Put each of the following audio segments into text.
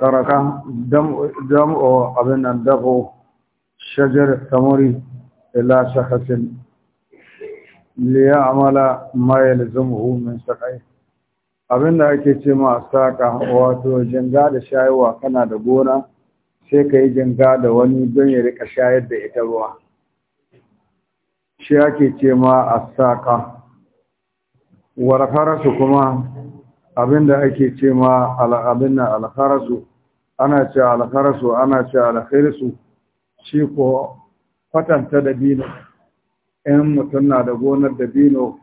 karaka jam'o abin nan dafo shajar samuri ila shahasin liya amala mayar zamuhu min sakai abin da ake ce ma saka wato jinga da shayarwa kana da gona sai ka yi jinga da wani don ya rika shayar da ita ruwa shi ake ce ma a saka warfararsu kuma Abin abinda ake ce ma al'abin na ana ce al'harasu ana ce al'harisu shi ko kwatanta dabino in mutum na da gonar dabino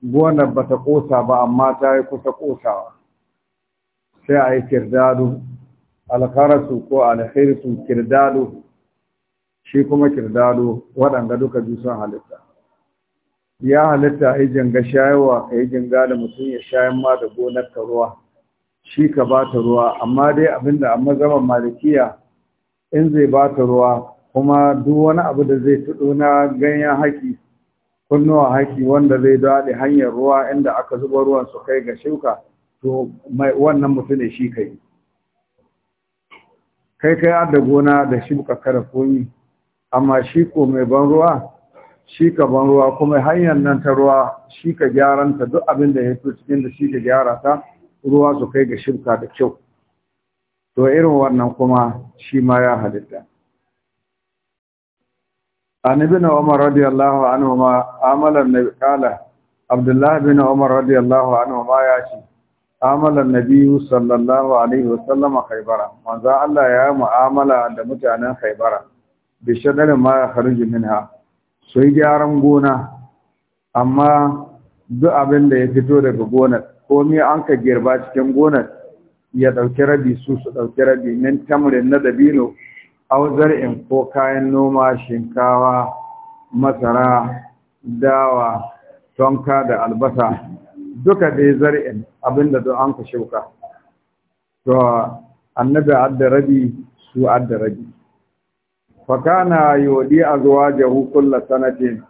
gonar ba ta ƙosa ba amma ta yi kusa ƙosawa sai a yi kirdado al'harasu ko al'harisu kirdado shi kuma kirdado waɗanda duka biyu sun halitta ya halitta a yi janga shayarwa ka yi janga da mutum ya shayar ma da gonar ka ruwa shi ka ba ta ruwa amma dai abinda a mazaman malikiya in zai ba ta ruwa kuma duk wani abu da zai tuɗo na ganyen haƙi kunnuwa haƙi wanda zai daɗe hanyar ruwa inda aka zuba ruwan su kai ga shuka to wannan mutum ne shi ka yi kai kai da gona da shuka kada komi amma shi ko mai ban ruwa shi ka ban ruwa kuma hanyar nan ta ruwa shi ka gyaran ta duk abin da ya fi cikin da shi ka gyara ta ruwa su kai ga shirka da kyau to irin wannan kuma shi ma ya halitta an ibn umar radiyallahu anhu ma amalan nabi kala abdullah bin umar radiyallahu anhu ma ya ce amalan nabi sallallahu alaihi wasallam khaybara manzo Allah ya mu'amala da mutanen khaybara bi shadarin ma ya kharuju minha sai gyaran gona amma duk abin da ya fito daga gonar me an ka girba cikin gonar ya ɗauki rabi su su ɗauki rabi min tamarin na dabino auzar in ko kayan noma shinkawa masara dawa tonka da albasa duka dai zar'in abin da duk an ka shuka to annabi adda rabi su adda rabi fakana yodi azwajahu kulla sanatin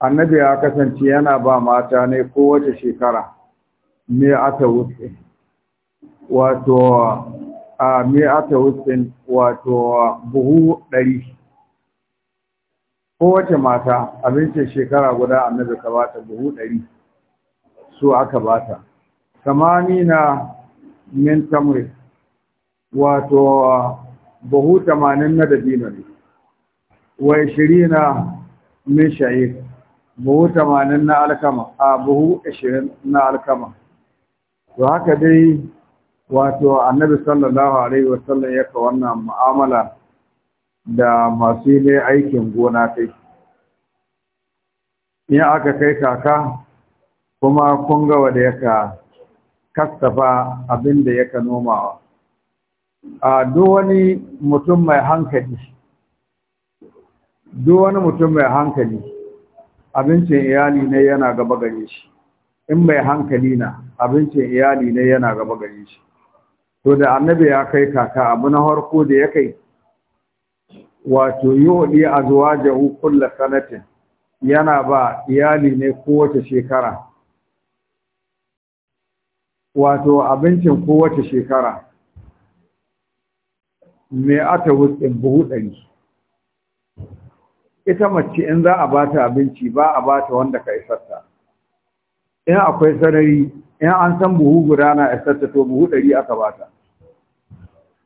annabi ya kasance yana ba mata ne kowace shekara me ata wuce wato a me ata wuce wato buhu 100 kowace mata abincin shekara guda annabi ka bata buhu 100 so aka bata kamani na min tamri wato buhu tamanin na dabino ne wa ishirina min sha'ir buhu tamanin na alkama a buhu ishirin na alkama to haka dai wato annabi sallallahu alaihi wasallam ya ka wannan mu'amala da masu yi aikin gona kai in aka kai kaka kuma kun ga wanda yaka kastafa abin da yaka nomawa a duk wani mutum mai hankali duk mai hankali abincin iyali ne yana gaba gare shi in mai hankali na abincin iyali ne yana gaba gare shi to da annabi ya kai kaka abu na harko da ya kai wato yi a zuwa jahu kulla sanatin yana ba iyali ne kowace shekara wato abincin kowace shekara mai ata wutsin buhu ɗari ita mace in za a bata abinci ba a ba ta wanda ka isarta in akwai sarari in an san buhu guda na isarta to buhu ɗari aka bata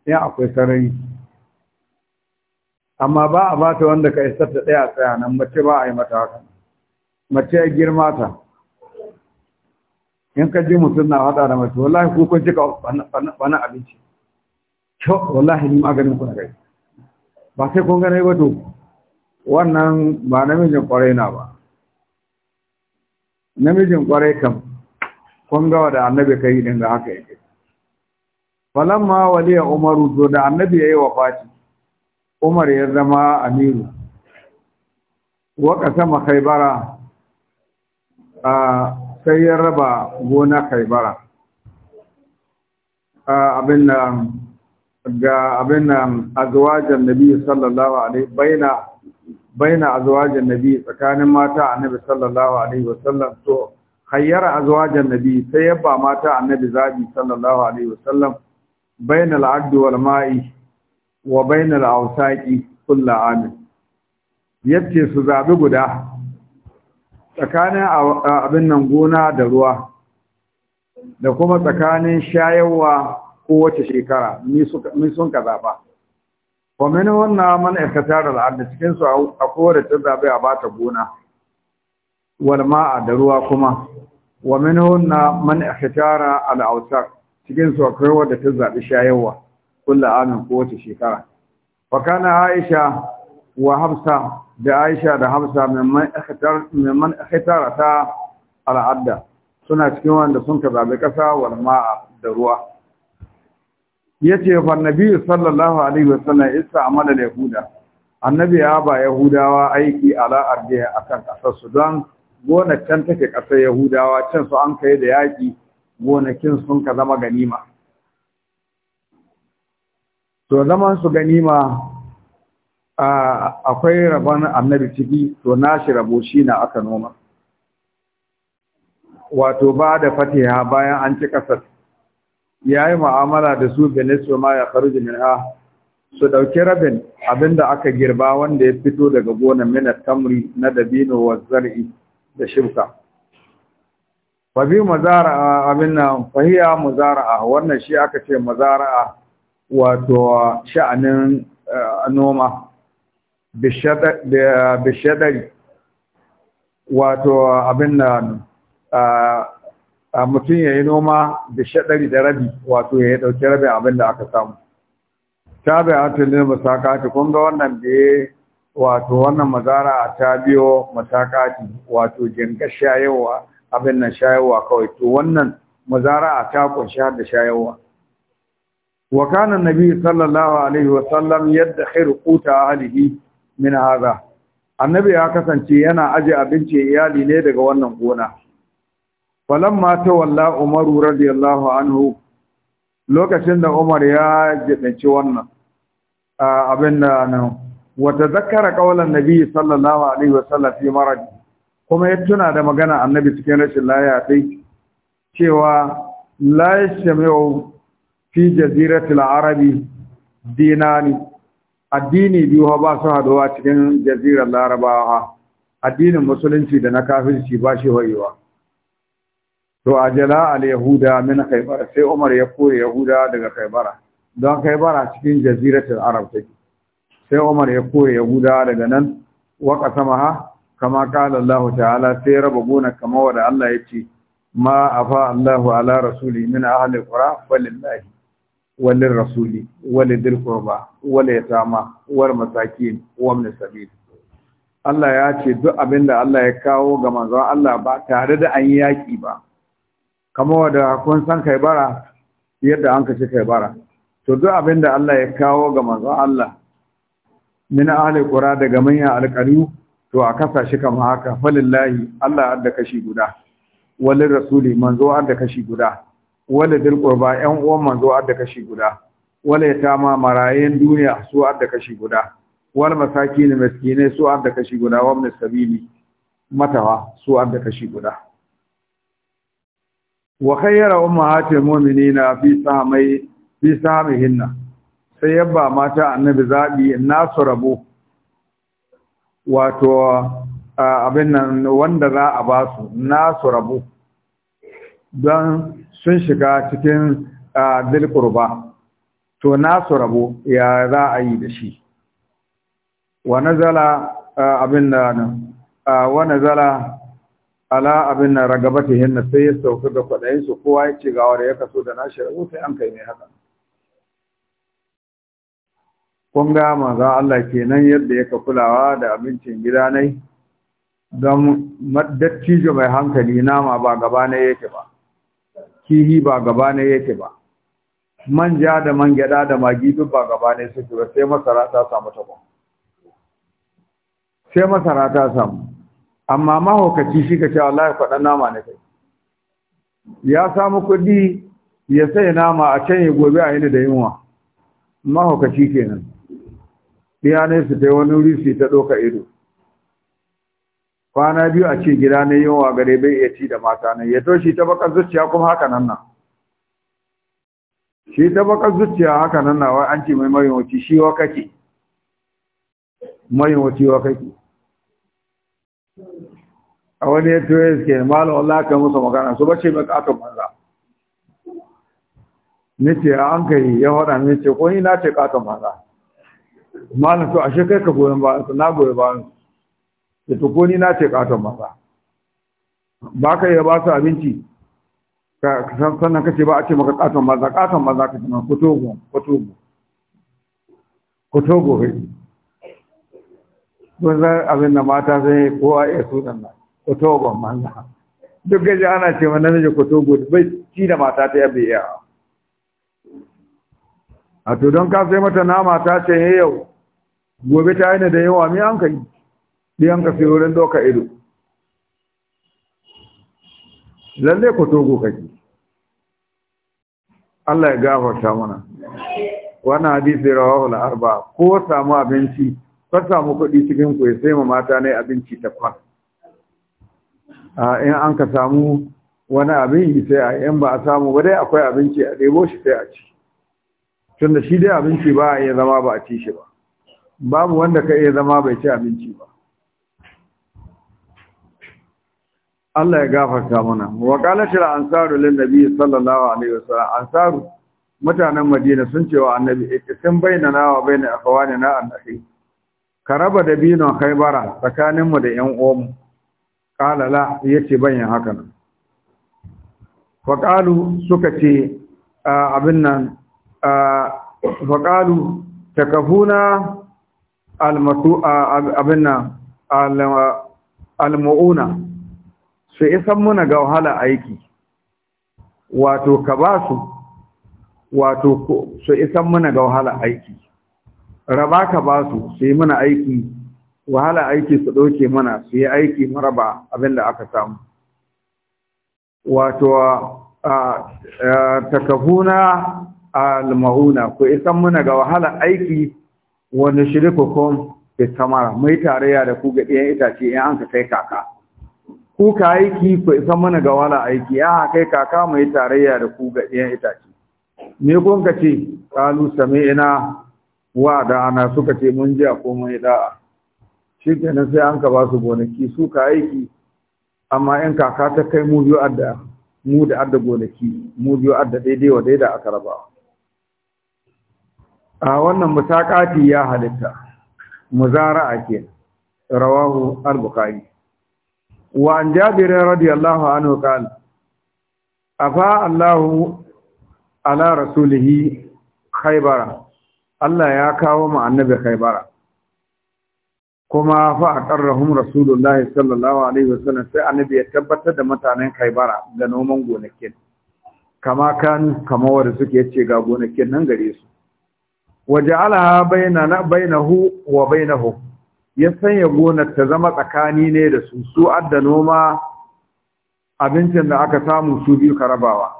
in akwai sarari amma ba a bata wanda ka isarta ɗaya tsaya nan mace ba a yi mata haka mace ya girma ta in ka ji mutum na haɗa da mace wallahi ko kun cika wani abinci Cho! wallahi ni maganin ku na ba sai kun ganai ba to wannan ba namijin kwarai na ba namijin kwarai kam kun gawa da annabi kai din da haka yake falamma waliya umaru to da annabi yayi wafati umar ya zama amiru wa kasama khaybara a sai ya raba gona khaybara abin da ga abin nan azwajan nabi sallallahu alaihi baina baina azwajan nabi tsakanin mata annabi sallallahu alaihi wasallam to khayyar azwajan nabi sai yabba mata annabi zabi sallallahu alaihi wasallam baina al'ad wal ma'i wa baina al'awsaqi kullu amin yace su zabi guda tsakanin abin nan gona da ruwa da kuma tsakanin shayarwa kowace shekara ni sun ka zaɓa wa mini wannan man ikhtiyar al'adda cikinsu su a kowace ta zaɓe a bata gona wal ma'a da ruwa kuma wa mini wannan man ikhtiyar al'autar cikinsu a akwai wadda ta zaɓi shayarwa kulla amin kowace shekara Faka na aisha wa Hamsa da aisha da Hamsa mimman ikhtiyar ta al'adda suna cikin wanda sun ka zaɓi ƙasa wal ma'a da ruwa yace fa nabi sallallahu alaihi wasallam isa amala da yahuda annabi ya ba yahudawa aiki ala ardi akan kasar su don gonar can take kasar yahudawa can su an kai da yaki gonakin sun ka zama ganima to zaman su ganima akwai rabon annabi ciki to na shi rabo shi na aka noma wato ba da fatiha bayan an ci kasar ya yi ma'amala da su benesu ma ya faru minha su ɗauki rabin abinda aka girba wanda ya fito daga gona minar tamri na dabino wa zar'i da shibka fabi mazara'a abin nan fahiya mazara'a wannan shi aka ce mazara'a wato sha'anin eh, noma bishadari wato abin eh, a mutum ya yi noma da shaɗari da rabi wato ya yi ɗauki rabin abin da aka samu ta bai hatin ne masakati kun ga wannan da ya wato wannan mazara a ta biyo masakati wato jinga shayarwa abin nan shayarwa kawai to wannan mazara a ta kunshi har da shayarwa wa kana nabi sallallahu alaihi wa sallam khairu quta ahlihi min hadha annabi ya kasance yana aje abinci iyali ne daga wannan gona falamma Walla umaru radiyallahu anhu lokacin da umar ya jidanci wannan abin da na. wata zakara kaulan nabi sallallahu alaihi wasallam fi marad kuma ya tuna da magana annabi cikin rashin laya dai cewa la yashmiu fi al arabi dinani addini biyu ba su haduwa cikin jazirar larabawa addinin musulunci da na kafirci ba shi hoyewa to ajala al yahuda min khaybar sai umar ya kore yahuda daga khaybara don khaybara cikin jaziratul arab take sai umar ya kore yahuda daga nan wa qasamaha kama qala allah ta'ala sai raba gona kama wanda allah ya ce ma afa allah ala rasuli min ahli qura walillahi walil rasuli walidil qurba wal yatama wal masakin wa min sabil Allah ya ce duk abinda Allah ya kawo ga manzon Allah ba tare da an yaki ba kamar wadda kun san kai bara yadda an kace kai bara to duk abin da Allah ya kawo ga manzon Allah min ahli qura daga manyan alƙaryu to a kasa shi kamar haka falillahi Allah adda kashi guda walil rasuli manzo adda kashi guda wala qurba yan uwan manzo adda kashi guda wala yatama marayen duniya su adda kashi guda wal masakin miskine su adda kashi guda wa min sabili matawa su adda kashi guda wa khayyara ummahatil mu'minina fi samai fi samihinna sai yabba mata annabi zabi nasu wato abin nan wanda za a ba su nasu don sun shiga cikin ba, to nasu rabo ya za a yi da shi wa nazala abin nan wa nazala ala abin na ragabata hinna sai ya sauka ga kwaɗayin su kowa ya ce da ya kaso da nashi rabu sai an kai mai haka kun ga manzon Allah kenan yadda yaka kulawa da abincin gida nai don dattijo mai hankali nama ba gaba na yake ba kihi ba gaba na yake ba manja da man gyada da magi duk ba gaba ne suke ba sai masara ta samu tabon sai masara ta samu amma mahaukaci shi ka ce Allah ya faɗa nama na kai ya samu kuɗi ya sai nama a can ya gobe a yini da yunwa mahaukaci kenan iya ne su ta wani wuri su ta ɗauka ido kwana biyu a ce gida ne yunwa gare bai iya ci da mata nan ya toshi ta bakar zuciya kuma haka nan nan shi ta bakar zuciya haka nan na wai an ce mai mayin wuci shi wa kake mayin wuci wa kake a wani ya tuwe suke malam Allah ka musu magana su bace mai katon Ni ce an kai ya hada ni ce ko ni na ce katon manza malam to a kai ka goyon ba su na goyon ba su to ko ni na ce katon manza ba ka yi ba su abinci ka san sannan kace ba a ce maka katon manza katon manza ka ce ma ku togo ku togo ku togo eh. kun san abin da mata sun yi kowa ya sunan nan Kotogo man manza duk gaji ana ce ma namiji kotogo bai ci da mata ta yabe ya a to don ka sai mata nama ta ce ya yau gobe ta yi da yawa mi an ka yi an ka fi wurin doka ido lalle kotogo gu kake Allah ya gafarta mana wannan hadisi rawahu al-arba ko samu abinci ka samu kuɗi cikin ku ya sai ma mata na abinci ta kwan in an ka samu wani abin sai a in ba a samu ba dai akwai abinci a ɗebo shi sai a ci tun da shi dai abinci ba a iya zama ba a ci shi ba babu wanda ka iya zama bai ci abinci ba Allah ya gafarta mana wa qalatil ansaru lin nabi sallallahu alaihi wasallam ansaru mutanen madina sun ce wa annabi sun bayyana wa bayyana na annabi ka raba da binon haibara tsakaninmu da ‘yan omu ƙalala ya ce yin haka nan faƙalu suka ce abin nan faƙalu ta almatu abin nan almu'una su isan muna ga wahala aiki wato ka ba su wato su isan muna ga wahala aiki raba ka ba su su yi mana aiki wahala aiki su ɗauke mana su yi aiki maraba abin da aka samu wato takafuna al-mauna ku isan muna ga wahala aiki wani shirku kom fi samara mai tarayya da ku ga ɗiyan itace in an ka kai kaka ku ka aiki ku isan muna ga wahala aiki ya kai kaka mai tarayya da ku ga ɗiyan itace me kun ka ce kalu ina. wa da ana suka ce mun ji ko mun yi da'a shi kenan sai an ka ba su gonaki su ka aiki amma in kaka ta kai mu biyu adda mu da adda gonaki mu biyu adda daidai wa daidai aka raba a wannan musakati ya halitta a ke rawahu al-bukhari wa an jabir radiyallahu anhu qala afa Allahu ala rasulihi khaybara Allah ya kawo mu annabi Khaibara kuma fa aqarrahum rasulullahi sallallahu alaihi wasallam sai annabi ya tabbatar da mutanen Khaibara da noman gonakin kama kan kama wanda suke yace ga gonakin nan gare su waja'alaha bainana bainahu wa bainahu ya sanya gonar ta zama tsakani ne da su su adda noma abincin da aka samu su biyu karabawa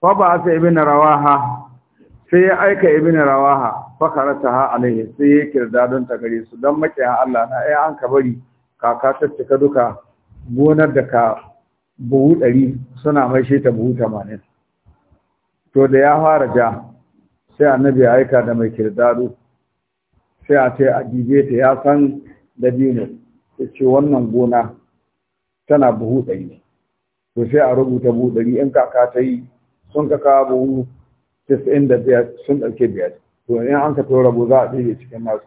fa ba sai ibn rawaha sai ya aika ibn rawaha fakarataha alaihi sai ya kirda don ta gare su don ha Allah na ai an ka bari kaka ta cika duka gonar da ka buhu ɗari suna maishe ta buhu tamanin to da ya fara ja sai annabi ya aika da mai kirdado sai a ce a dibe ta ya san dabino ya ce wannan gona tana buhu ɗari to sai a rubuta buhu ɗari in kaka ta yi sun kawo buhu tis'in da sun ɗauke biyar to in an ka to rabu za a ɗige cikin nasu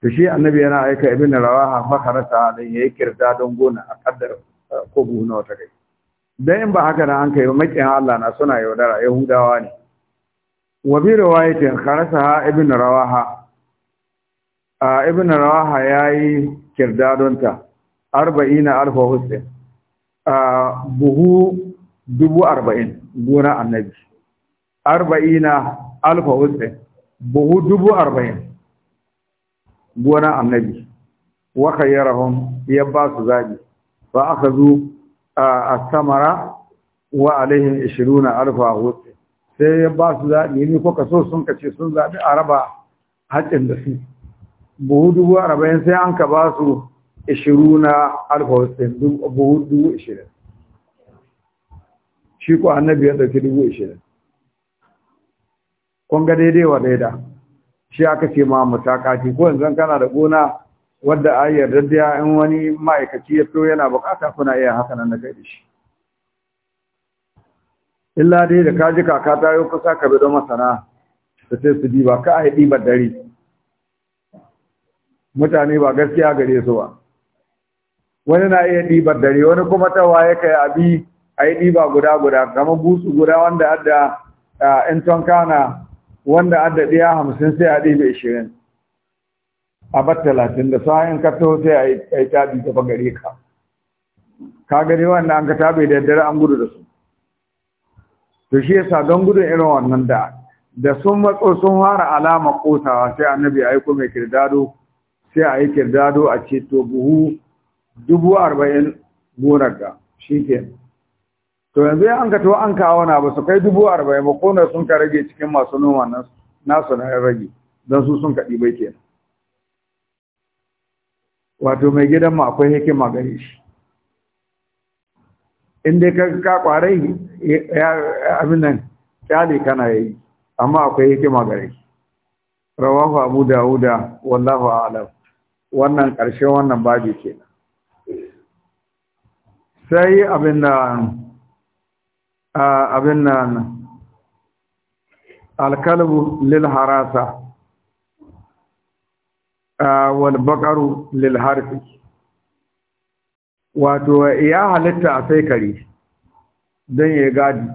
to shi annabi yana aika ibn rawaha makarata dan yayi kirda don gona a kaddar ko buhu na wata kai dan in ba haka nan an kai makin Allah na suna yaudara yahudawa ne wa bi riwayatin kharasaha ibn rawaha a ibn rawaha yayi kirda don ta Arba'ina alfa hussein a buhu dubu arba'in gona annabi arba'ina alfa wutsin buhu dubu arba'in gona annabi waka yarahun ya ba su zaɓi ba aka zo a samara wa alaihin ishiruna alfa wutsin sai ya ba su zaɓi ne ko kaso sun kace sun zaɓi a raba haƙƙin da su buhu dubu arba'in sai an ka ba su ishiruna alfa wutsin buhu dubu ishirin shi ko annabi ya ɗauki dubu ashirin. kun ga daidai wa daida shi aka ce ma mutakati ko yanzu kana da gona wadda a yarda in wani ma'aikaci ya fito yana bukata kuna iya haka nan na gaida shi illa dai da kaji kaka ta yi kusa ka bi don masana da sai su diba ka a yi ɗibar dare mutane ba gaskiya gare su ba wani na iya ɗibar dare wani kuma ta waye ka yi abi a yi guda guda kama busu guda wanda adda in kana wanda adda ɗaya hamsin sai a ɗiba ishirin a bat talatin da sa'in ka taho sai a yi tabi gaba gare ka ka gani wanda an ka tabe da daddare an gudu da su to shi yasa don gudun irin wannan da da sun matso sun fara alama kotawa sai annabi ya aiko mai kirdado sai a yi kirdado a ce to buhu dubu arba'in gonar da shi kenan to yanzu an ka to an kawo na ba su kai dubu arba'in ba ko sun ka rage cikin masu noma nasu na ya rage don su sun kaɗi bai kenan wato mai gidan ma akwai hikima gare shi in dai ka kware ya abin nan kyale kana yayi amma akwai hikima gare shi rawahu abu dawuda wallahu a'lam wannan ƙarshen wannan babi kenan sai abin da abin nan alkalbu lil harasa wal bakaru lil harfi wato ya halitta a sai kare don ya gadi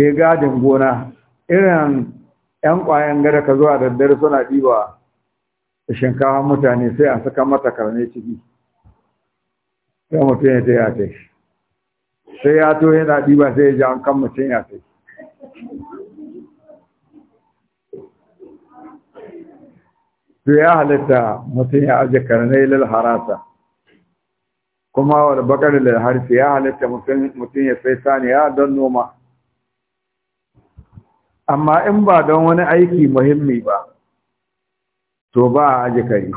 ya gadin gona irin yan kwayan gada ka zuwa daddare suna ɗiba da shinkawa mutane sai a saka mata karne ciki sai mutum ya ta yi a sai ya to yana ɗiba sai ya ji an kan mutum ya sai to ya halitta mutum ya aje karnai lil harasa kuma wal bakar lil harfi ya halitta mutum ya sai sani ya don noma amma in ba don wani aiki muhimmi ba to ba a aje kari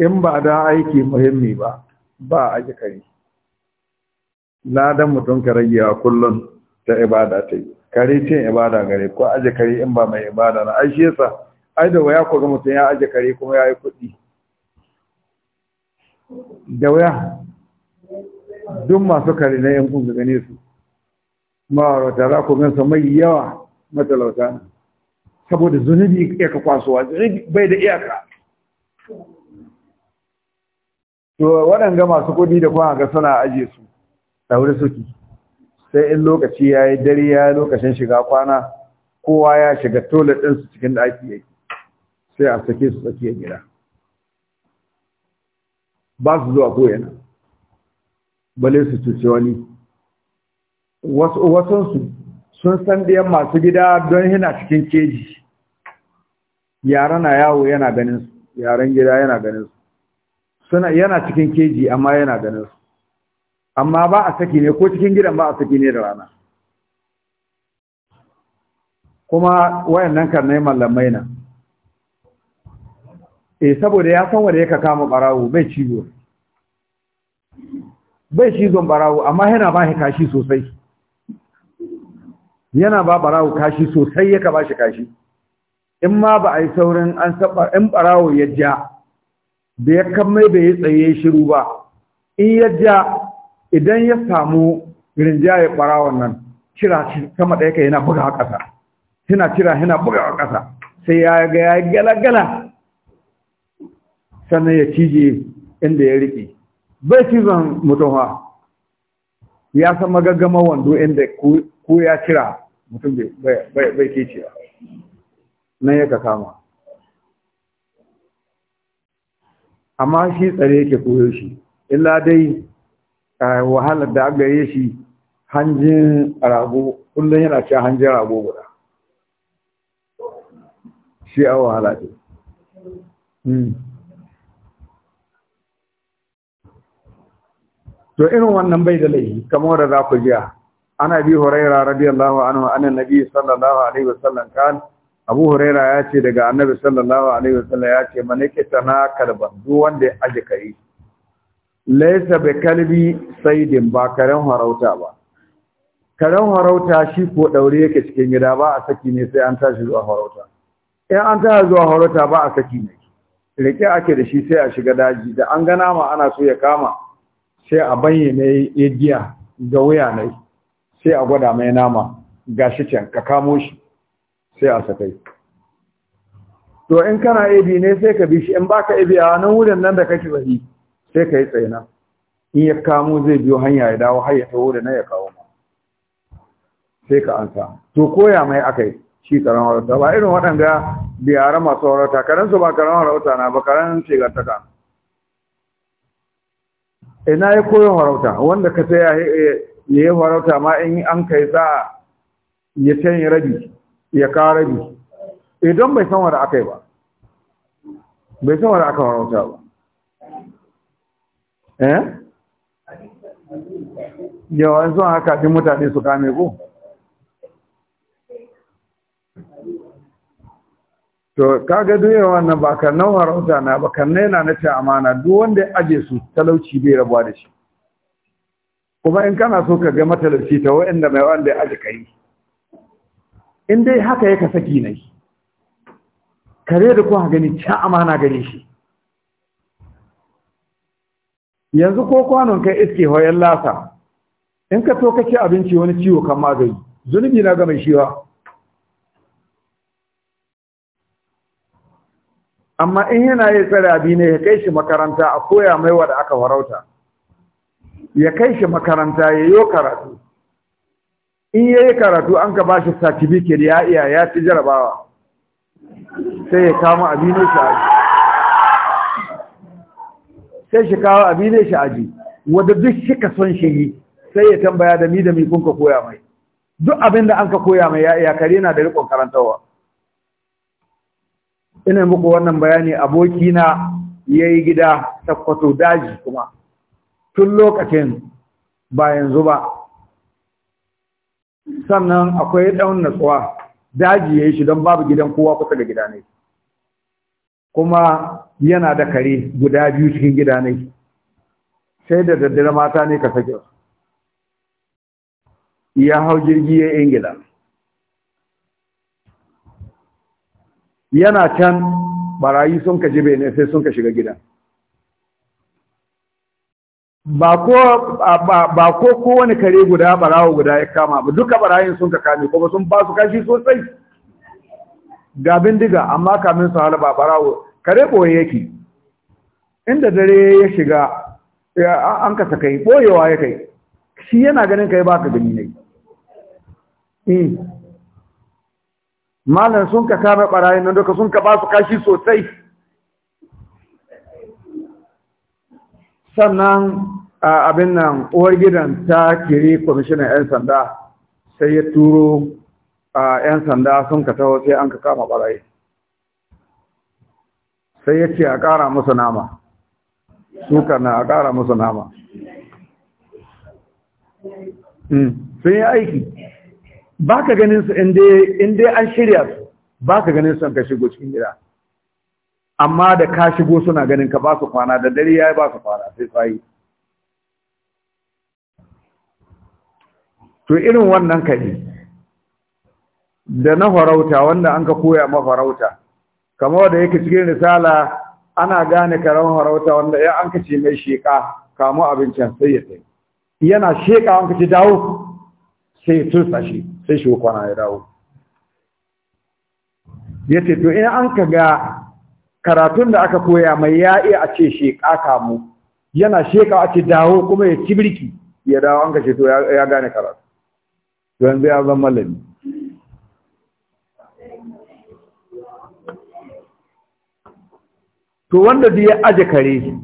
in ba da aiki muhimmi ba ba a ji kare ladan mutum ka ragewa kullum ta ibada ta yi kare ce ibada gare ko aje kare in ba mai ibada na ai sa, ai da waya ko ga mutum ya aje kare kuma ya yi kuɗi da waya duk masu kare na yan kun gane su wata za ku gansa mai yawa matalauta saboda zunubi ya ka kwasowa zunubi bai da iyaka to waɗanga masu kuɗi da kuma ga suna aje su wuri suke sai in lokaci ya yi dare ya yi lokacin shiga kwana kowa ya shiga tolar ɗinsu cikin ɗaki yake sai a sake su tsakiyar gida ba su zuwa koyana bale su cuce wani wasansu sun san ɗiyan masu gida don yana cikin keji yara na yawo yana ganin su yaran gida yana ganin su suna yana cikin keji amma yana ganin su amma ba a saki ne ko cikin gidan ba a saki ne da rana kuma wayannan karnai mallamai na eh saboda ya san wanda yake kama barawo bai cizo bai cizon barawo amma yana ba shi kashi sosai yana ba barawo kashi sosai yaka ba shi kashi in ma ba a yi saurin an saba in barawo ya ja da ya kammai bai yi tsaye shiru ba in ya ja idan ya samu ya ɓarawon nan cira kama ɗaya ka yana buga a ƙasa yana cira yana buga a ƙasa sai ya ga ya gala-gala sannan ya cije inda ya riƙe bai cizon mutum ya san magaggama wando inda ko ya cira mutum bai ke ciya nan ya ka kama amma shi tsare yake koyo shi illa dai wahalar da aka yi shi hanjin rago kullum yana cewa hanjin rago guda shi a wahala ce hmm. to irin wannan bai da laifi kamar da za ku jiya ana bi huraira radiyallahu anhu anan nabi sallallahu alaihi wasallam kan abu huraira ya ce daga annabi sallallahu alaihi wasallam ya ce man na kalba duk wanda ya aje kai laysa bi kalbi saidin ba karen harauta ba karen harauta shi ko daure yake cikin gida ba a saki ne sai an tashi zuwa harauta in an tashi zuwa harauta ba a saki ne rike ake da shi sai a shiga daji da an gana ma ana so ya kama sai a bayyane ya ga wuya ne sai a gwada mai nama gashi can ka kamo shi sai a sakai to in kana abi ne sai ka bi shi in baka abi a nan wurin nan da kake bari sai ka yi tsayina in ya kamo zai biyo hanya ya dawo har ya taho da na ya kawo ma sai ka ansa to koya mai akai shi karan warauta ba irin waɗanda biyara masu warauta karan su ba karan warauta na ba karan shigartaka ina ya koyon warauta wanda ka sai eh, ya yi warauta ma in an kai za, ya canye rabi ya kare bi idan eh, bai san wanda aka yi ba bai san wanda aka warauta ba eh yawan zuwa haka din mutane su kame ko to kaga duniya wannan ba kannan warauta na ba kannan yana na ce amana duk wanda ya aje su talauci bai rabuwa da shi kuma in kana so ka ga matalauci ta wa'anda mai wanda ya aje kai in dai haka ya ka saki kare da kuwa gani can amana gare shi yanzu ko kwanon kai iske hoyon lasa in ka to kake abinci wani ciwo kan magani zunubi na ga mai shiwa amma in yana yi tsare abi ne ya kai shi makaranta a koya mai wa da aka farauta ya kai shi makaranta ya yi karatu in yayi karatu an ka bashi certificate ya iya ya ci jarabawa sai ya kama abinai shi aji sai shi kawo abinai shi aji wanda duk shi ka son shi yi sai ya tambaya da mi da mi kun ka koya mai duk abin da an ka koya mai ya iya kare na da rikon karantarwa ina muku wannan bayani abokina ya yi gida sakwato daji kuma tun lokacin ba yanzu ba sannan akwai ɗan natsuwa daji ya yi shi don babu gidan kowa kusa da gida kuma yana da kare guda biyu cikin gida ne sai da daddare mata ne ka sake ya hau jirgi ya gida. yana can barayi sun kaji bene sai sun ka shiga gidan ba ko kowane kare guda barawo guda ya kama ba duka barayin sun ka kame kuma sun ba su kashi sosai ga bindiga amma kamin su halaba barawo kare boye yake inda dare ya shiga an kasa kai, boyewa ya kai shi yana ganin kai baka gani ne eh. malam sun ka kame barayin nan duka sun ka ba su kashi sosai sannan abin nan uwar gidan ta kiri kwamishinan 'yan sanda sai ya turo 'yan sanda sun ka taho sai an ka kama barai sai ya ce a ƙara musu nama suka na a ƙara musu nama hmm, sun yi aiki ba ka ganin su inda an shirya su ba ka ganin su an kashi gocin gida amma da ka shigo suna ganin ka ba su kwana da dare ya yi ba su kwana sai tsayi to irin wannan kaɗi da na farauta wanda an ka koya mafarauta kamar da yake cikin risala ana gane karen farauta wanda ya an ce mai sheƙa kamo abincin sai ya sai yana sheƙa an ce dawo sai ya tursa shi sai shi kwana ya dawo ya ce to in an ka ga karatun da aka koya mai ya iya a ce sheƙa kamu yana sheƙa a ce dawo kuma ya ci birki ya dawo an kashe to ya gane karatu yanzu ya zama malami to wanda da ya aje kare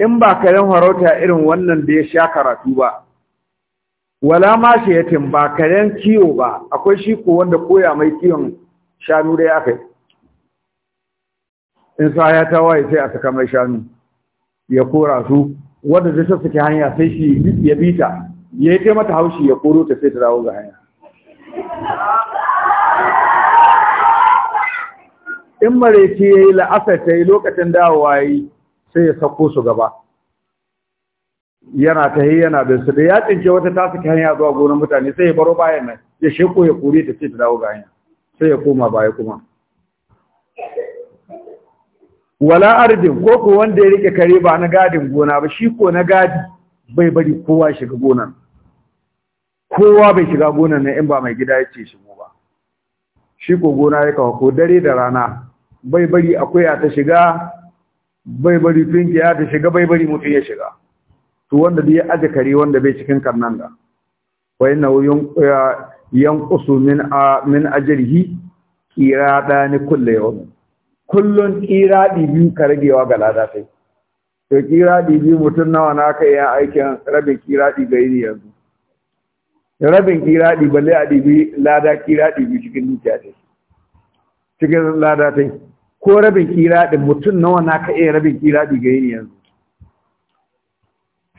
in ba karen farauta irin wannan da ya sha karatu ba wala ma shi yatin ba karen kiwo ba akwai shi ko wanda koya mai kiwon shanu da ya kai in sa ya ta waye sai a saka mai shanu ya kora su wanda zai ke hanya sai shi ya bita ya yi mata haushi ya koro ta sai ta dawo ga hanya in mareci ya yi la'asar ta yi lokacin dawowa yi sai ya sako su gaba yana ta yi yana bin su da ya tsince wata ta suke hanya zuwa gonar mutane sai ya baro bayan nan ya sheko ya kore ta sai ta dawo ga hanya sai ya koma baya kuma wala ardin ko ko wanda ya rike kare ba na gadin gona ba shi ko na gadi bai bari kowa shiga gonan kowa bai shiga gonan nan in ba mai gida yace shigo ba shi ko gona ya kawo ko dare da rana bai bari akwai ya ta shiga bai bari ya ta shiga bai bari mutum ya shiga to wanda duk ya aje kare wanda bai cikin karnan da wa inna yanqusu min min ajrihi qirada ni kullu yawmin kullun ƙiraɗi biyu ka ragewa ga lada sai to ƙiraɗi biyu mutum nawa na ka yi aikin rabin ƙiraɗi ga yini yanzu rabin ƙiraɗi balle a ɗibi lada ƙiraɗi biyu cikin dukiya ce cikin lada sai ko rabin ƙiraɗi mutum nawa na ka iya rabin ƙiraɗi ga yini yanzu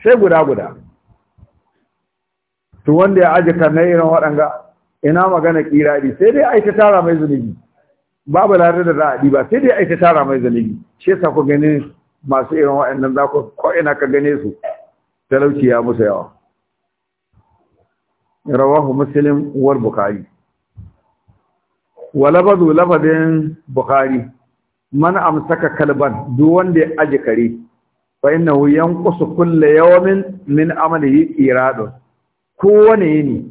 sai guda guda to wanda ya aji na irin waɗanga ina magana ƙiraɗi sai dai aiki tara mai zunubi babu ladar da za a ɗiba sai dai ta tara mai zalimi shi yasa ku gani masu irin wa'annan za ku ko ina ka gane su talauci ya musu yawa rawahu muslim war bukhari wa labadu bukhari man amsaka kalban duk wanda ya aje kare fa innahu yanqusu kulla yawmin min amalihi iradun kowane yini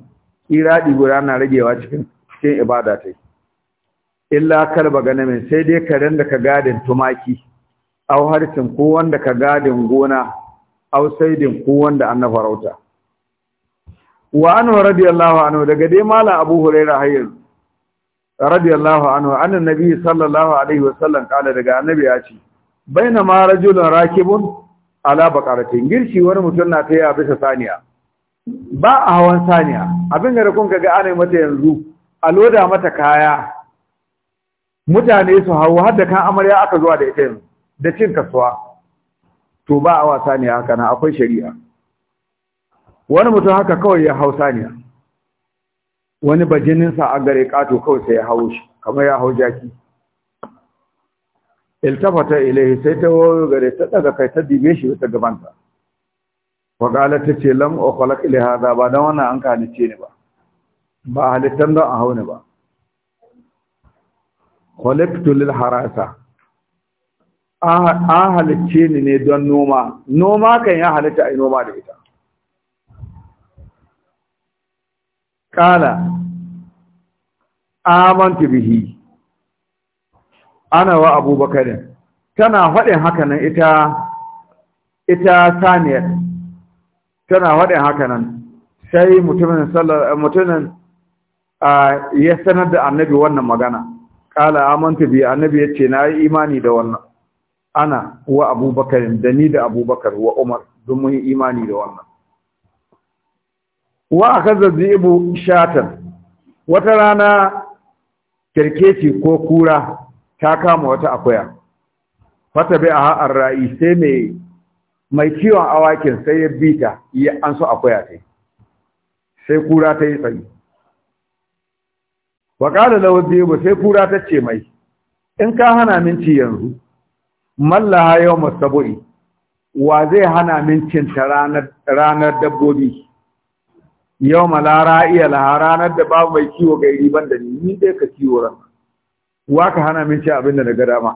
iradi guda na ragewa cikin cikin ibada tai illa kalba ganamin sai dai ka da ka gadin tumaki au harcin ko wanda ka gadin gona au saidin ko wanda an na farauta wa anhu radiyallahu anhu daga dai mala abu hurairah hayyin radiyallahu anhu annan nabi sallallahu alaihi sallam kala daga annabi ya ce bainama rajulun rakibun ala baqaratin girshi wani mutum na taya bisa saniya ba a hawan saniya abin da kun kaga ana mata yanzu a loda mata kaya mutane su hau har da kan amarya aka zuwa da ita da cin kasuwa to ba a wasa ne haka na akwai shari'a wani mutum haka kawai ya hau saniya wani bajininsa a gare kato kawai sai ya hau shi kamar ya hau jaki iltafata ilaihi sai ta wayo gare ta daga kai ta dibe shi ta gabanta wa gala ta ce lam ukhlaq li hadha ba dan wannan an kanice ni ba ba halittan don a hau ni ba khalaqtu lil harasa an halicce ni ne don noma noma kan ya halitta a noma da ita kala amantu bihi ana wa abubakar tana faɗin haka nan ita ita saniyar tana faɗin haka nan sai mutumin mutumin ya sanar da annabi wannan magana kala amanta bi annabi yace na yi imani da wannan ana wa abubakar da ni da abubakar wa umar don mun yi imani da wannan wa akaza zibu shatan wata rana kirkeci ko kura ta kama wata akuya fata bi a har rai sai mai mai kiwon awakin sai ya bita ya anso akuya tai sai kura ta yi tsayi wa qala lahu dhibu sai kura ta ce mai in ka hana min ci yanzu mallaha yawma sabui wa zai hana min ta ranar ranar dabbobi yawma la ra'iya la ranar da babu mai kiwo ga ban da ni ni dai ka kiwo ran wa ka hana min abin da daga dama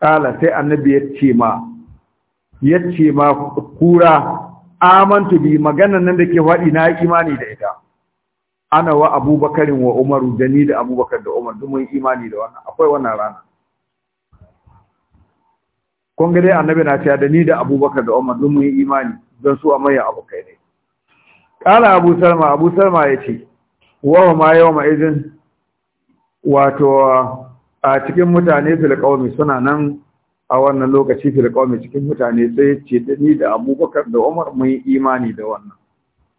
qala sai annabi ya ce ma ya ce ma kura amantu bi maganan nan da ke faɗi na imani da ita ana wa abubakarin wa umaru da ni da abubakar da umar duk mun imani da wannan akwai wannan rana kun ga dai annabi na cewa da ni da abubakar da umar duk mun imani don su a mayan abokai ne kala abu salma abu salma ya ce wa ma yau ma izin wato a cikin mutane filƙaumi suna nan a wannan lokaci filƙaumi cikin mutane sai ce da ni da abubakar da umar mun imani da wannan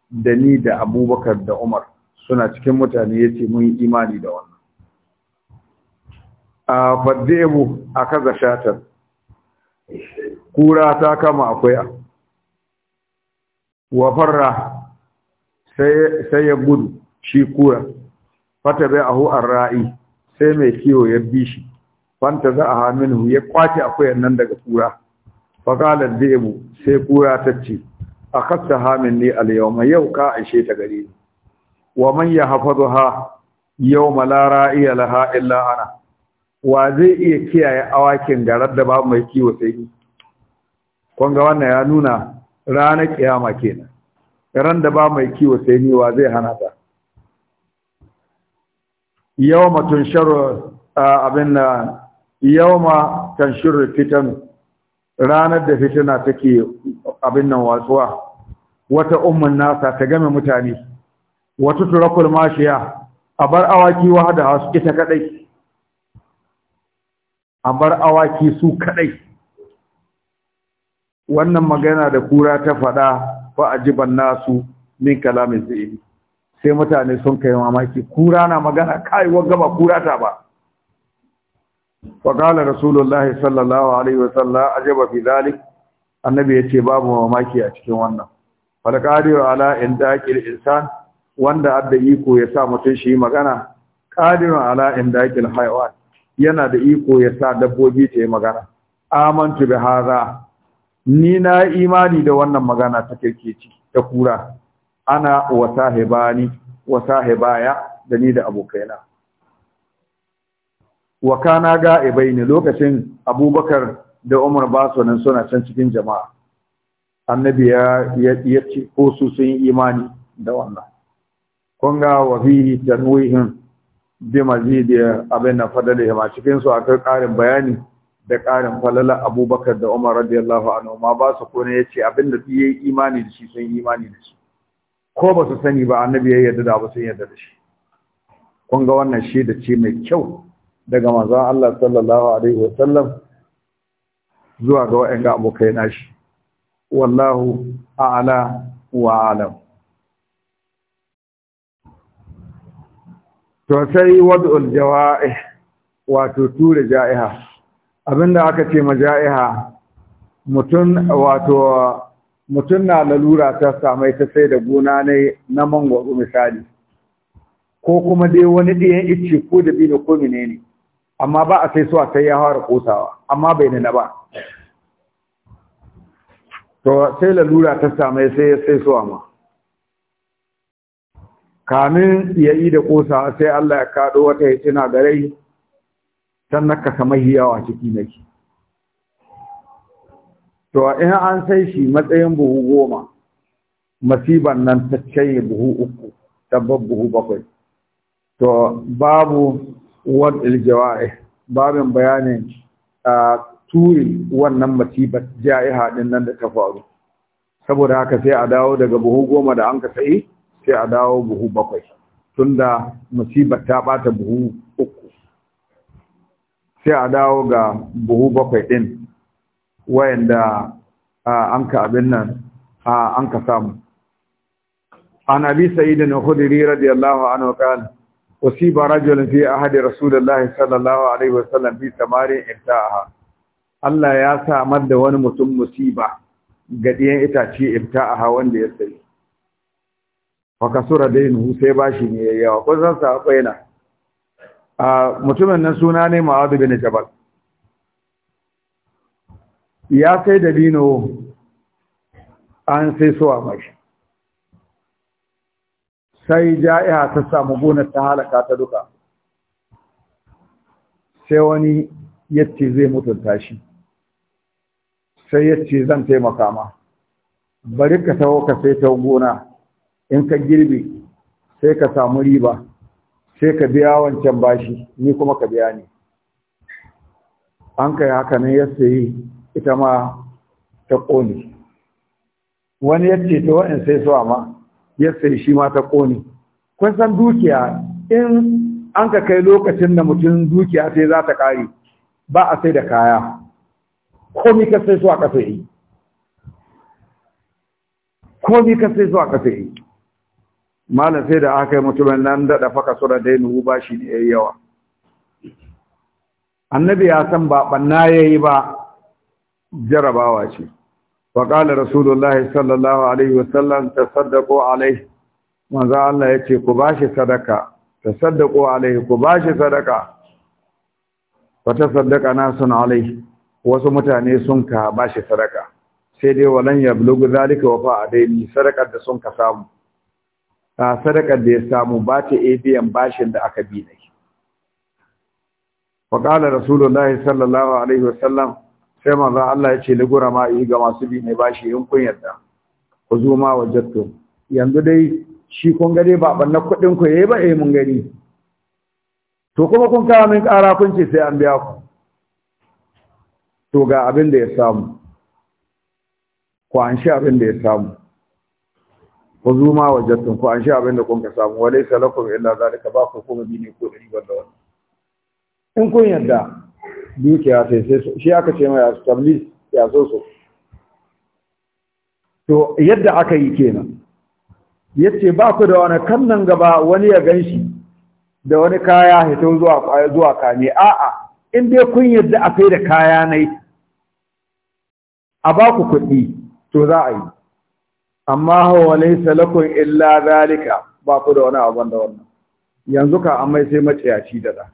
da ni da abubakar da umar suna cikin mutane ya ce mun yi imani da wannan a faddebu kaza shatar kura ta kama akwai wa farra sai ya gudu shi kura fata bai ahu ra'i sai mai kiwo ya bi shi fanta za a haminu ya kwace akwai nan daga kura fakalar debu sai kura ta ce a kasta hamin ne a yau ka aishe ta gare ni wa man yahfazuha yawma la ra'iya laha illa ana wa zai iya kiyaye awakin garar da babu mai kiwo sai ni kun ga wannan ya nuna ranar kiyama kenan ran da ba mai kiwo sai ni wa zai hana ta yawma tunsharu abin na yawma tanshiru fitan ranar da fitina take abin nan wasuwa, wata umman nasa ta game mutane wata turakul mashiya a bar awaki wahada su ita kadai a bar awaki su kadai wannan magana da kura ta fada fa ajiban nasu min kalamin zai sai mutane sun kai mamaki kura na magana kai wanga ba kura ta ba fa rasulullahi sallallahu alaihi wasallam ajaba fi zalik annabi yace babu mamaki a cikin wannan falqadiru ala indaqil insan wanda adda iko ya sa mutum shi magana qadirun ala indaqil hayawan yana da iko ya sa dabbobi ta yi magana amantu bi hadha ni na imani da wannan magana ta ciki, ta kura ana wa sahibani wa sahibaya da ni da abokaina wa kana ga ibaini lokacin abubakar da umar ba su nan suna can cikin jama'a annabi ya ya ce ko su sun yi imani da wannan Kunga wa fihi tanwihin bi mazidi abin na fadale ma cikin su akwai karin bayani da karin falala Abubakar da Umar radiyallahu anhu ma ba su kone yace abin da yayi imani da shi sun yi imani da shi ko ba su sani ba annabi ya yarda da ba sun yarda da shi kun ga wannan da ce mai kyau daga manzon Allah sallallahu alaihi wasallam zuwa ga wa'anga abokai nashi wallahu a'ala wa to sai wad'ul jawa'ih wato tura ja'iha abinda aka ce ma ja'iha mutun wato mutun na lalura ta samai ta sai da gona ne na mangwaro misali ko kuma dai wani ɗiyan ice ko da bine ko menene amma ba a sai su a sai ya fara kosawa amma bai nuna ba to sai lalura ta samai sai sai suwa ma kamin ya yi da kosa sai Allah ya kaɗo wata ya tuna da rai don na kasa mahiyawa ciki nake to in an sai shi matsayin buhu goma masiban nan ta canye buhu uku tabbab buhu bakwai to babu wad iljawa'i babin bayanin a turi wannan masibar ja'iha din nan da ta faru saboda haka sai a dawo daga buhu goma da an ka sayi sai a dawo buhu bakwai tunda musibar ta bata buhu uku sai a dawo ga buhu bakwai din wayanda an ka abin nan an ka samu an abi سيد الخدري radiyallahu الله عنه usiba rajul fi ahadi rasulullahi sallallahu alaihi wasallam fi tamari وسلم Allah ya samar da wani mutum musiba ga itace ibta'aha wanda ya sayi sura kasura dainu sai ba shi ne yayi yawa ko sa akwai na a mutumin nan suna ne Mu'adh bin Jabal ya sai dabino an sai suwa mashi sai ja'iha ta samu gonar ta halaka ta duka sai wani yace zai mutunta shi sai yace zan taimaka ma bari ka tawo ka sai ta gona in ka girbe sai ka samu riba sai ka biya wancan bashi ni kuma ka biya ni an kai haka ne, ya sayi ita ma ta ƙone wani ya ce ta wa'in sai su ma ya sayi shi ma ta ƙone kun san dukiya in an ka kai lokacin da mutum dukiya sai za ta ƙare ba a sai da kaya komi ka sai su a ƙasa yi komi ka sai su a ƙasa yi malam sai da aka yi mutumin nan daɗa faka sura da ba shi ne ya yi yawa annabi ya san ba ɓanna ya yi ba jarabawa ce wa ƙala rasulullahi sallallahu alaihi wasallam ta saddako alaihi manzan Allah ya ce ku ba shi sadaka ta saddako alaihi ku ba shi sadaka ba ta saddaka na sun alaihi wasu mutane sun ka ba shi sadaka sai dai walan ya bulugu zalika wafa a daini sadakar da sun ka samu sadakar da ya samu ba ta iya biyan bashin da aka bi nake wa qala rasulullahi sallallahu alaihi wasallam sai manzo Allah ya ce li ma yi ga masu bi ne bashi in kun yarda ku zo ma wajattu yanzu dai shi kun gare dai ba banna kudin ku yayi ba eh mun gani to kuma kun kawo min ƙara kun ce sai an biya ku to ga abin da ya samu ku an shi abin da ya samu ku zuma wajatun ku an sha abin da kun ka samu wa laysa lakum illa zalika ba ku kuma bini ko dari banda wannan in kun yadda dukiya sai sai shi aka ce mai tablis ya zo so to yadda aka yi kenan yace ba ku da wani kan nan gaba wani ya ganshi da wani kaya hito zuwa zuwa kane a'a in dai kun yadda a kai da kaya nai a ba ku kuɗi to za a yi amma hawa ne salakun illa zalika ba ku da wani abin da wannan yanzu ka amai sai maciyaci da da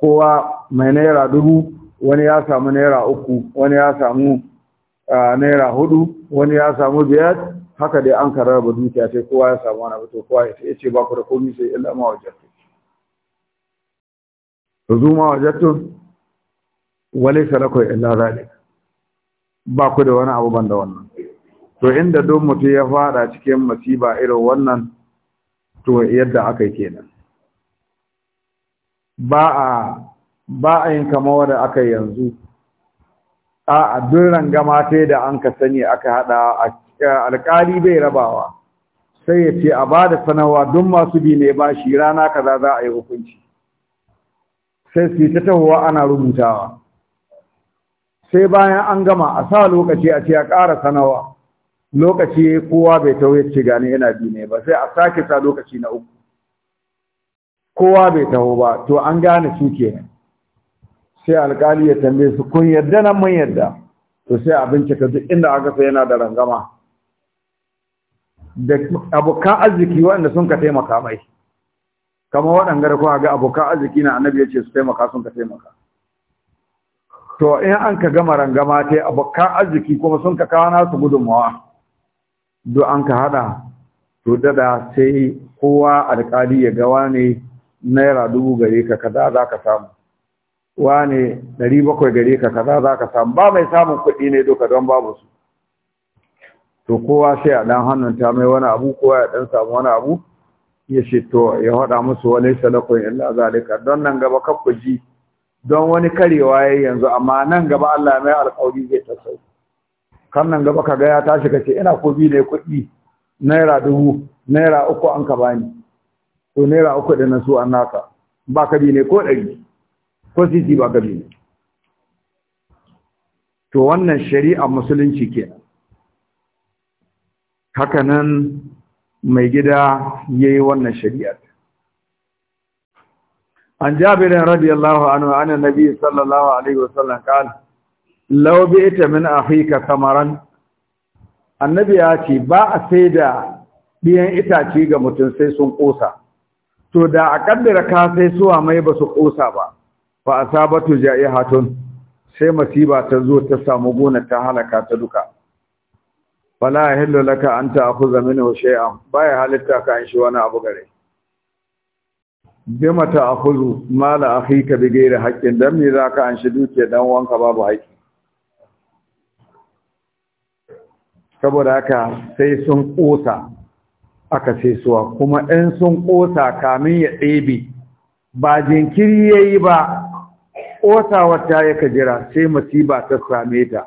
kowa mai naira dubu wani ya samu naira uku wani ya samu naira hudu wani ya samu biyar haka dai an karar ba dukiya sai kowa ya samu wani fito kowa ya ce ba ku da komi sai illa ma wajattu zu ma wajattu wale salakun illa zalika, ba ku da wani abu ban da wannan to inda duk mutum ya fara cikin masiba irin wannan to yadda aka kenan ba a ba a yin kama wadda aka yanzu a duk rangama ta da an ka sani aka hada alkali bai rabawa sai ya ce a ba da sanarwa don masu bi ne ba shi rana kaza za a yi hukunci sai su ta tahowa ana rubutawa sai bayan an gama a sa lokaci a ce a ƙara sanarwa lokaci kowa bai tawo ya ce gani yana bi ne ba sai a sake sa lokaci na uku kowa bai taho ba to an gane su kenan sai alkali ya tambaye su kun yadda nan mun yadda to sai a bincika duk inda aka sai yana da rangama da abokan arziki waɗanda sun ka taimaka mai kama waɗanda da kuma ga abokan arziki na annabi ya ce su taimaka sun ka taimaka to in an ka gama rangama ta abokan arziki kuma sun ka kawo nasu gudunmawa duk an ka haɗa to dada sai kowa alƙali ya ga wane naira dubu gare ka kaza za ka samu wane ɗari bakwai gare ka kaza za ka samu ba mai samun kuɗi ne duka don babu su to kowa sai a ɗan hannunta mai wani abu kowa ya ɗan samu wani abu ya ce to ya haɗa musu wani sadakon illa zalika don nan gaba kakku ji don wani karewa ya yanzu amma nan gaba Allah mai alƙawari zai tasauki kan nan gaba ka ga ya tashi ka ce ina ko bi ne kuɗi naira dubu naira uku an ka bani to naira uku da nasu su an naka ba ka bi ne ko ɗari ko sisi ba ka bi ne to wannan shari'a musulunci kenan haka nan mai gida ya yi wannan shari'ar an jabirin radiyallahu anhu anan nabi sallallahu alaihi wasallam kala law bi'ta min ka samaran annabi ya ce ba a sai da ɗiyan itace ga mutum sai sun ƙosa to da a ƙaddara ka sai suwa mai ba su ƙosa ba ba a fa ja'i hatun sai masiba ta zo ta samu gona ta halaka ta duka fala yahillu laka an zamin minhu Ba baya halitta ka an shi wani abu gare bima ta'khudhu mala akhika bi gaira haƙƙin, dan me za ka an shi dukiya dan wanka babu haƙƙi saboda haka sai sun ƙosa aka sai suwa kuma in sun ƙosa kamin ya ɗebe ba jinkiri ya yi ba ƙosa wata ya jira sai masiba ta same ta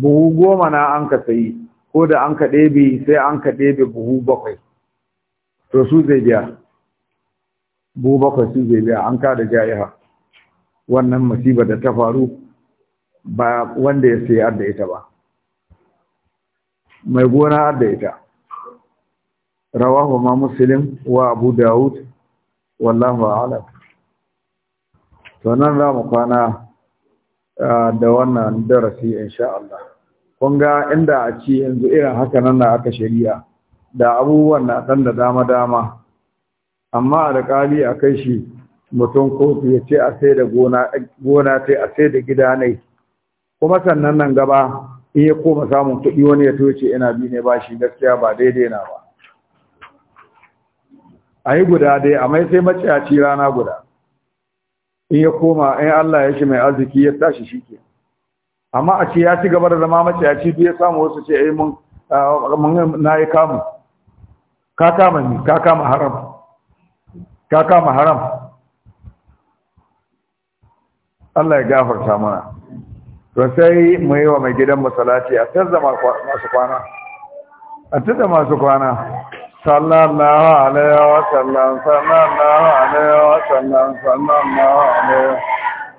buhu goma na an ka sayi ko da an ka ɗebe sai an ka ɗebe buhu bakwai to su zai biya buhu bakwai su zai biya an kada jayiha wannan masiba da ta faru ba wanda ya sayar da ita ba mai gona da ita rawahu ma muslim wa abu daud wallahu a'lam to nan za mu kwana da wannan darasi insha Allah kun ga inda a ci yanzu irin haka nan na aka shari'a da abubuwan na dan da dama dama amma alƙali a kai shi mutum ko ya ce a sai da gona sai a sai da gida ne kuma sannan nan gaba in ya koma samun kuɗi wani ya toce ina bi ne ba shi gaskiya ba daidai na ba a yi guda dai a mai sai maciyaci rana guda in ya koma in Allah ya shi mai arziki ya tashi shi ke amma a ce ya ci gaba da zama maciyaci biya samu wasu ce eh, ai ah, mun na yi kamun. ka kama ni ka kama haram ka kama haram Allah ya gafarta mana to sai mu yi wa mai gidanmu masalati a tazza masu kwana a tazza masu kwana sallallahu alaihi wa sallam sallallahu alaihi wa sallam sallallahu alaihi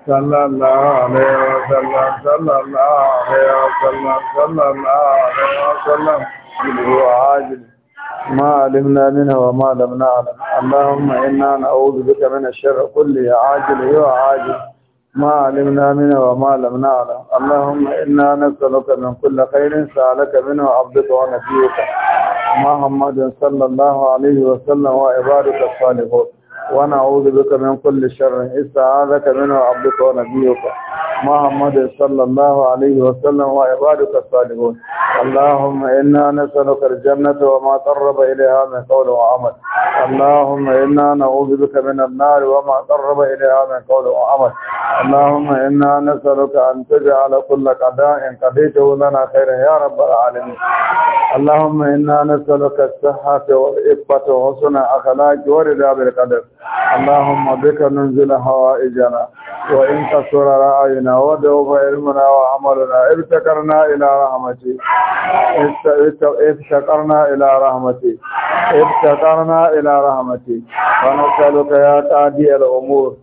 sallallahu alaihi wa sallam sallallahu alaihi wa sallam sallallahu alaihi wa sallam bilhu ajil ما علمنا منها وما لم نعلم اللهم إنا نعوذ بك من الشر كله عاجله وعاجله ما علمنا منه وما لم نعلم اللهم إنا نسألك من كل خير سألك منه عبدك ونبيك محمد صلى الله عليه وسلم وعبادك الصالحون ونعوذ بك من كل شر استعاذك منه عبدك ونبيك محمد صلى الله عليه وسلم وعبادك الصالحون اللهم إنا نسألك الجنة وما قرب إليها من قول وعمل اللهم إنا نعوذ بك من النار وما قرب إليها من قول وعمل اللهم إنا نسألك أن تجعل كل قضاء قضيته لنا خيرا يا رب العالمين اللهم إنا نسألك الصحة والعفه وحسن أخلاق ورضا بالقدر اللهم بك ننزل حوائجنا وإن كسر رأينا ودوب علمنا وعملنا ابتكرنا إلى رحمتي ابتكرنا إلى رحمتي ابتكرنا إلى رحمتي ونسألك يا قاضي الأمور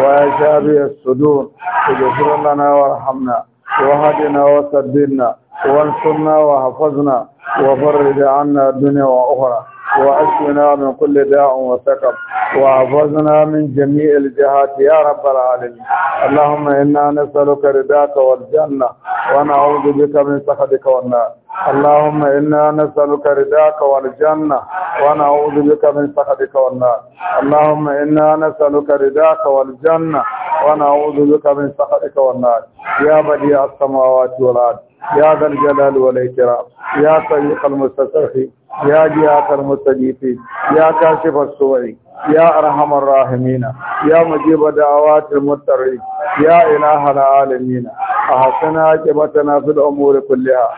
ويا شافي الصدور اغفر لنا وارحمنا وهدنا وسددنا وانصرنا وحفظنا وفرج عنا الدنيا وأخرى واشفنا من كل داء وسقم واحفظنا من جميع الجهات يا رب العالمين اللهم انا نسالك رضاك والجنه ونعوذ بك من سخطك والنار اللهم إنا نسألك رضاك والجنة ونعوذ بك من سخطك والنار اللهم إنا نسألك رضاك والجنة ونعوذ بك من سخطك والنار يا بديع السماوات والأرض يا ذا الجلال والإكرام يا طريق المستسرحين يا جهات المستجيب يا كاشف السوء ya arhamar rahimina ya mujiba da'awatul muttari ya ilaha alalamin ahsana kibatana fil umuri kulliha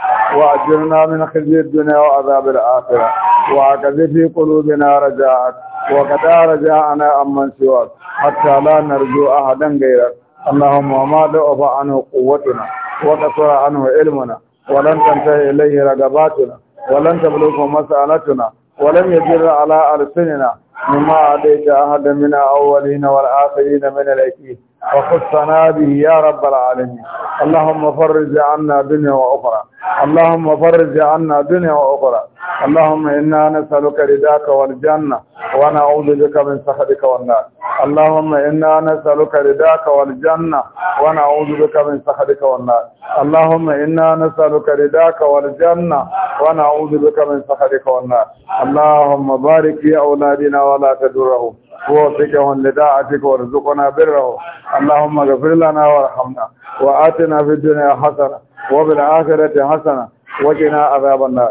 wa ajirna min khizyid dunya wa azab al akhirah wa qad fi qulubina raja'at wa qad raja'ana amman siwa hatta la narju ahadan ghayra allahumma ma da'afa an quwwatuna wa qasara an ilmuna wa lan tantahi ilayhi ragabatuna wa lan tablughu mas'alatuna wa ya jira ala al مما عليك أحد من أولين والآخرين من الأكيد وخصنا به يا رب العالمين اللهم فرج عنا دنيا وأخرى اللهم فرج عنا دنيا وأخرى اللهم إنا نسألك رداك والجنة ونعوذ بك من سخطك والنار اللهم إنا نسألك رداك والجنة ونعوذ بك من سخطك والنار اللهم إنا نسألك رداك والجنة ونعوذ بك من سخطك والنار اللهم بارك في أولادنا ولا تدرهم ووفقهم لداعتك وارزقنا بره اللهم اغفر لنا وارحمنا وآتنا في الدنيا حسنة wa bil akhirati hasana wa qina azaban nar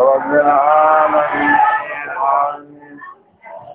رب العالمين